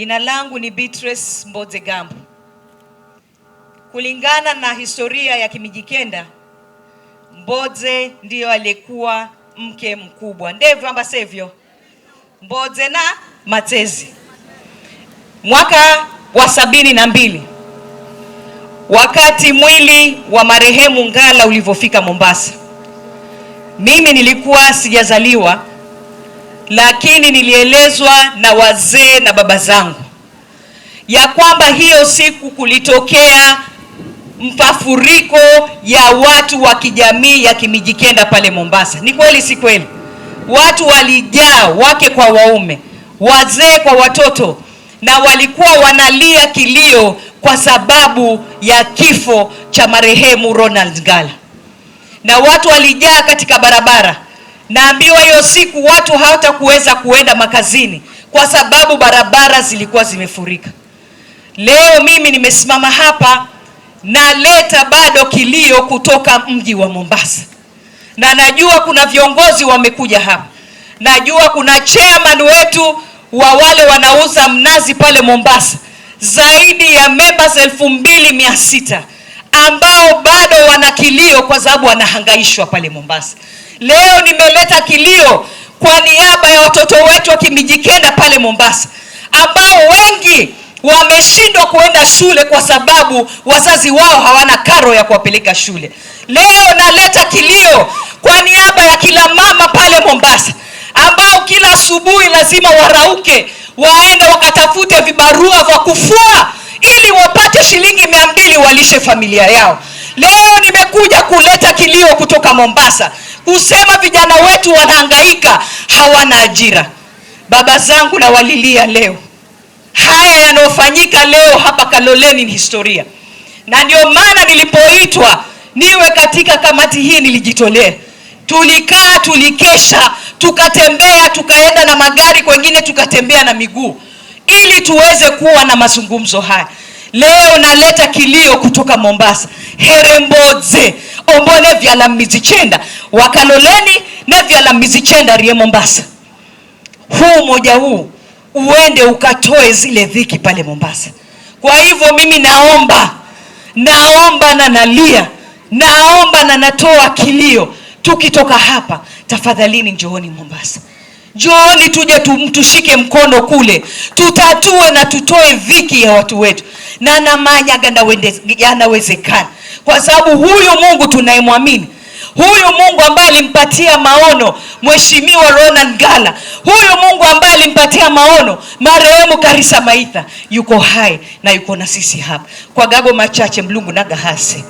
Jina langu ni Beatrice Mboze Gambo. Kulingana na historia ya Kimijikenda, Mboze ndiyo aliyekuwa mke mkubwa, ndivyo ama sivyo? Mboze na Matezi. Mwaka wa sabini na mbili wakati mwili wa marehemu Ngala ulivyofika Mombasa, mimi nilikuwa sijazaliwa lakini nilielezwa na wazee na baba zangu ya kwamba hiyo siku kulitokea mfafuriko ya watu wa kijamii ya Kimijikenda pale Mombasa. Ni kweli si kweli? Watu walijaa, wake kwa waume, wazee kwa watoto, na walikuwa wanalia kilio kwa sababu ya kifo cha marehemu Ronald Ngala, na watu walijaa katika barabara naambiwa hiyo siku watu hawatakuweza kuenda makazini kwa sababu barabara zilikuwa zimefurika. Leo mimi nimesimama hapa naleta bado kilio kutoka mji wa Mombasa, na najua kuna viongozi wamekuja hapa, najua kuna chairman wetu wa wale wanauza mnazi pale Mombasa, zaidi ya members elfu mbili mia sita ambao bado wana kilio kwa sababu wanahangaishwa pale Mombasa. Leo nimeleta kilio kwa niaba ya watoto wetu wa Kimijikenda pale Mombasa ambao wengi wameshindwa kuenda shule kwa sababu wazazi wao hawana karo ya kuwapeleka shule. Leo naleta kilio kwa niaba ya kila mama pale Mombasa ambao kila asubuhi lazima warauke waende wakatafute vibarua vya kufua ili wapate shilingi mia mbili walishe familia yao. Leo nimekuja kuleta kilio kutoka Mombasa. Husema vijana wetu wanahangaika, hawana ajira. Baba zangu nawalilia leo, haya yanayofanyika leo hapa Kaloleni ni historia, na ndio maana nilipoitwa niwe katika kamati hii nilijitolea. Tulikaa, tulikesha, tukatembea, tukaenda na magari, kwengine tukatembea na miguu, ili tuweze kuwa na mazungumzo haya. Leo naleta kilio kutoka Mombasa, Herembodze ombole vyala mizichenda wakaloleni na vyala mizichenda rie Mombasa. Huu moja huu uende ukatoe zile dhiki pale Mombasa. Kwa hivyo mimi naomba, naomba na nalia, naomba na natoa kilio, tukitoka hapa tafadhalini, njooni Mombasa. Njooni tuje tushike mkono kule, tutatue na tutoe dhiki ya watu wetu, na namanya yanawezekana, kwa sababu huyu Mungu tunayemwamini huyu Mungu ambaye alimpatia maono Mheshimiwa ronald Gala, huyu Mungu ambaye alimpatia maono marehemu Karisa Maitha, yuko hai na yuko na sisi hapa kwa gago machache mlungu na gahase